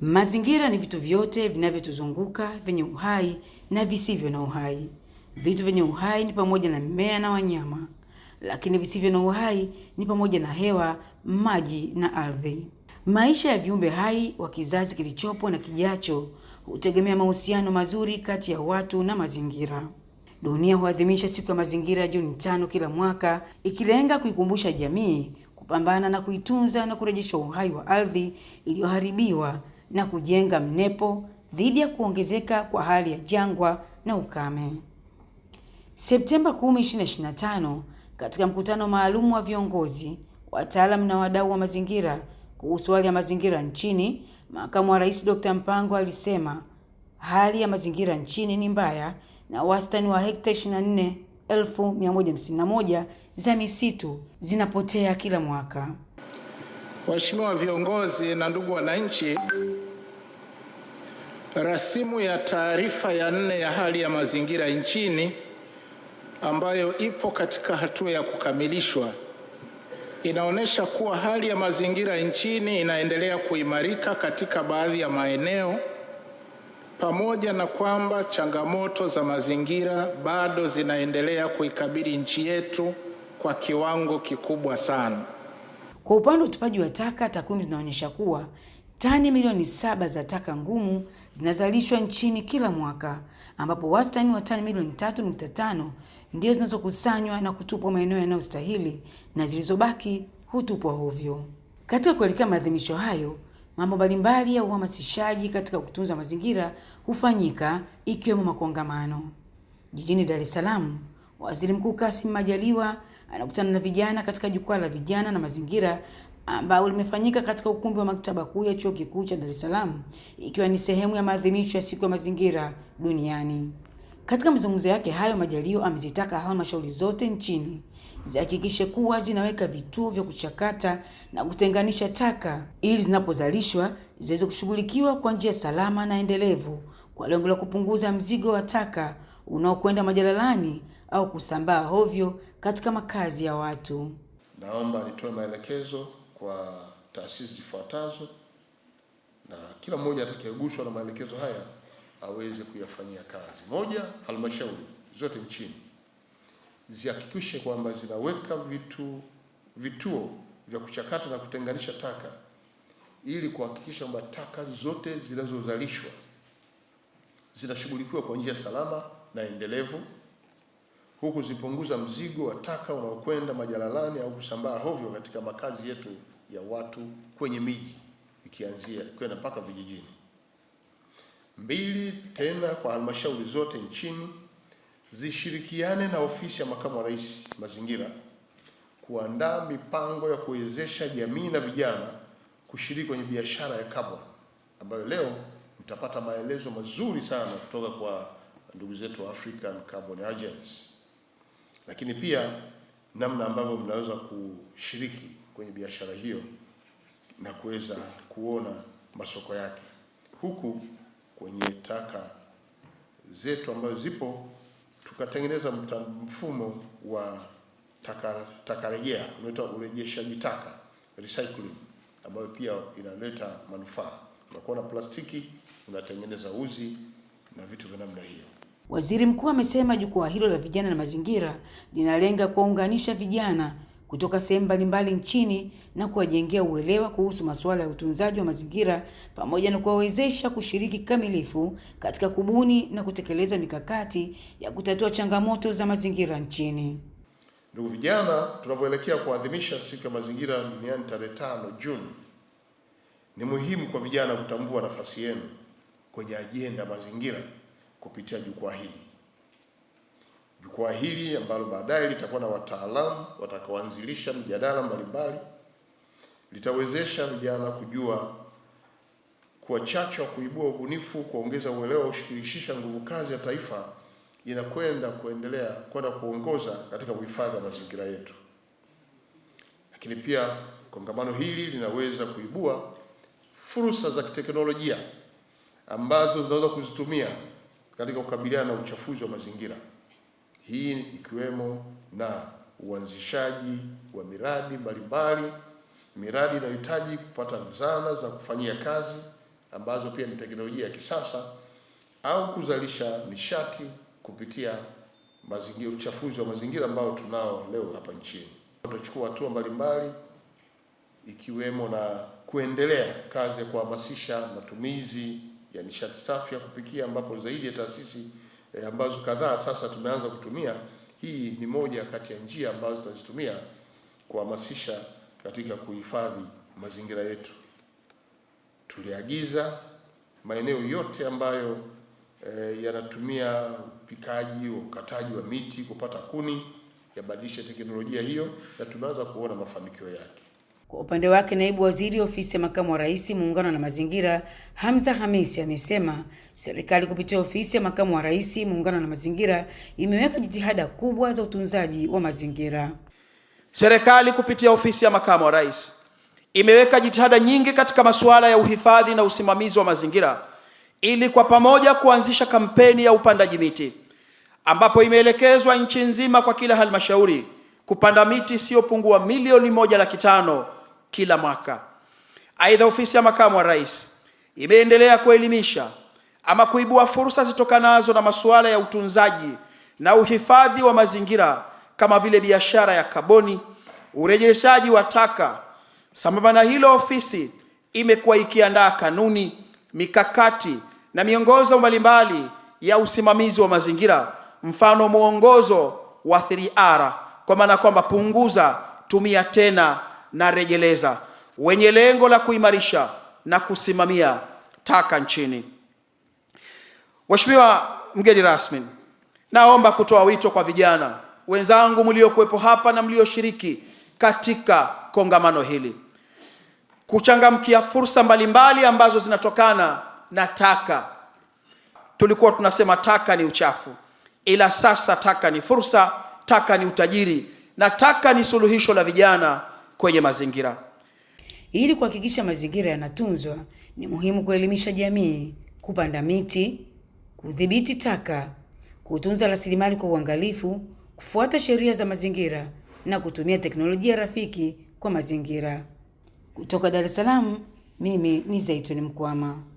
Mazingira ni vitu vyote vinavyotuzunguka vyenye uhai na visivyo na uhai. Vitu vyenye uhai ni pamoja na mimea na wanyama, lakini visivyo na uhai ni pamoja na hewa, maji na ardhi. Maisha ya viumbe hai wa kizazi kilichopo na kijacho hutegemea mahusiano mazuri kati ya watu na mazingira. Dunia huadhimisha siku ya mazingira Juni tano kila mwaka, ikilenga kuikumbusha jamii kupambana na kuitunza na kurejesha uhai wa ardhi iliyoharibiwa na kujenga mnepo dhidi ya kuongezeka kwa hali ya jangwa na ukame. Septemba 10, 2025, katika mkutano maalum wa viongozi, wataalamu na wadau wa mazingira kuhusu hali ya mazingira nchini, makamu wa rais Dr. Mpango alisema hali ya mazingira nchini ni mbaya na wastani wa hekta 24,151 za misitu zinapotea kila mwaka. Waheshimiwa viongozi na ndugu wananchi Rasimu ya taarifa ya nne ya hali ya mazingira nchini ambayo ipo katika hatua ya kukamilishwa inaonyesha kuwa hali ya mazingira nchini inaendelea kuimarika katika baadhi ya maeneo pamoja na kwamba changamoto za mazingira bado zinaendelea kuikabili nchi yetu kwa kiwango kikubwa sana. Kwa upande wa utupaji wa taka, takwimu zinaonyesha kuwa Tani milioni saba za taka ngumu zinazalishwa nchini kila mwaka ambapo wastani wa tani milioni 3.5 ndio zinazokusanywa na kutupwa maeneo yanayostahili na zilizobaki hutupwa hovyo. Katika kuelekea maadhimisho hayo, mambo mbalimbali ya uhamasishaji katika kutunza mazingira hufanyika ikiwemo makongamano. Jijini Dar es Salaam, Waziri Mkuu Kassim Majaliwa anakutana na vijana katika jukwaa la vijana na mazingira ambao limefanyika katika ukumbi wa maktaba kuu ya Chuo Kikuu cha Dar es Salaam ikiwa ni sehemu ya maadhimisho ya siku ya mazingira duniani. Katika mazungumzo yake hayo, majalio amezitaka halmashauri zote nchini zihakikishe kuwa zinaweka vituo vya kuchakata na kutenganisha taka ili zinapozalishwa ziweze kushughulikiwa kwa njia salama na endelevu kwa lengo la kupunguza mzigo wa taka unaokwenda majalalani au kusambaa hovyo katika makazi ya watu. Naomba nitoe maelekezo kwa taasisi zifuatazo, na kila mmoja atakayeguswa na maelekezo haya aweze kuyafanyia kazi. Moja, halmashauri zote nchini zihakikishe kwamba zinaweka vitu vituo vya kuchakata na kutenganisha taka ili kuhakikisha kwamba taka zote zinazozalishwa zinashughulikiwa kwa njia salama na endelevu, huku zipunguza mzigo wa taka unaokwenda majalalani au kusambaa hovyo katika makazi yetu ya watu kwenye miji ikianzia kwenda mpaka vijijini. Mbili, tena kwa halmashauri zote nchini zishirikiane na ofisi ya makamu wa rais mazingira kuandaa mipango ya kuwezesha jamii na vijana kushiriki kwenye biashara ya kaboni, ambayo leo mtapata maelezo mazuri sana kutoka kwa ndugu zetu wa African Carbon Agency, lakini pia namna ambavyo mnaweza kushiriki kwenye biashara hiyo na kuweza kuona masoko yake, huku kwenye taka zetu ambazo zipo tukatengeneza mfumo wa taka taka rejea unaitwa urejeshaji taka recycling, ambayo pia inaleta manufaa. Unakuwa na plastiki unatengeneza uzi na vitu vya namna hiyo. Waziri Mkuu amesema jukwaa hilo la vijana na mazingira linalenga kuwaunganisha vijana kutoka sehemu mbalimbali nchini na kuwajengea uelewa kuhusu masuala ya utunzaji wa mazingira pamoja na kuwawezesha kushiriki kikamilifu katika kubuni na kutekeleza mikakati ya kutatua changamoto za mazingira nchini. Ndugu vijana, tunavyoelekea kuadhimisha siku ya mazingira duniani tarehe 5 Juni, ni muhimu kwa vijana kutambua nafasi yenu kwenye ajenda mazingira kupitia jukwaa hili jukwaa hili ambalo baadaye litakuwa na wataalamu watakaoanzilisha mjadala mbalimbali litawezesha vijana kujua kuwa chachu ya kuibua ubunifu, kuongeza uelewa, ushirikishisha nguvu kazi ya taifa inakwenda kuendelea kwenda kuongoza katika uhifadhi wa mazingira yetu. Lakini pia kongamano hili linaweza kuibua fursa za kiteknolojia ambazo zinaweza kuzitumia katika kukabiliana na uchafuzi wa mazingira hii ikiwemo na uanzishaji wa miradi mbalimbali, miradi inayohitaji kupata zana za kufanyia kazi ambazo pia ni teknolojia ya kisasa au kuzalisha nishati kupitia mazingira, uchafuzi wa mazingira ambao tunao leo hapa nchini. Tutachukua hatua mbalimbali ikiwemo na kuendelea kazi ya kuhamasisha matumizi ya nishati safi ya kupikia ambapo zaidi ya taasisi e, ambazo kadhaa sasa tumeanza kutumia. Hii ni moja kati ya njia ambazo tunazitumia kuhamasisha katika kuhifadhi mazingira yetu. Tuliagiza maeneo yote ambayo e, yanatumia upikaji wa ukataji wa miti kupata kuni yabadilishe teknolojia hiyo, na tumeanza kuona mafanikio yake. Kwa upande wake naibu waziri ofisi ya makamu wa rais muungano na mazingira Hamza Hamisi amesema serikali kupitia ofisi ya makamu wa rais muungano na mazingira imeweka jitihada kubwa za utunzaji wa mazingira. Serikali kupitia ofisi ya makamu wa rais imeweka jitihada nyingi katika masuala ya uhifadhi na usimamizi wa mazingira ili kwa pamoja kuanzisha kampeni ya upandaji miti ambapo imeelekezwa nchi nzima kwa kila halmashauri kupanda miti isiyopungua milioni moja laki tano kila mwaka. Aidha, ofisi ya makamu wa rais imeendelea kuelimisha ama kuibua fursa zitokanazo na masuala ya utunzaji na uhifadhi wa mazingira kama vile biashara ya kaboni, urejeshaji wa taka. Sambamba na hilo, ofisi imekuwa ikiandaa kanuni, mikakati na miongozo mbalimbali ya usimamizi wa mazingira, mfano mwongozo wa 3R kwa maana kwamba punguza, tumia tena na rejeleza wenye lengo la kuimarisha na kusimamia taka nchini. Mheshimiwa mgeni rasmi, naomba kutoa wito kwa vijana wenzangu mliokuwepo hapa na mlioshiriki katika kongamano hili kuchangamkia fursa mbalimbali mbali ambazo zinatokana na taka. Tulikuwa tunasema taka ni uchafu, ila sasa taka ni fursa, taka ni utajiri na taka ni suluhisho la vijana kwenye mazingira. Ili kuhakikisha mazingira yanatunzwa, ni muhimu kuelimisha jamii, kupanda miti, kudhibiti taka, kutunza rasilimali kwa uangalifu, kufuata sheria za mazingira na kutumia teknolojia rafiki kwa mazingira. Kutoka Dar es Salaam, mimi ni Zaituni Mkwama.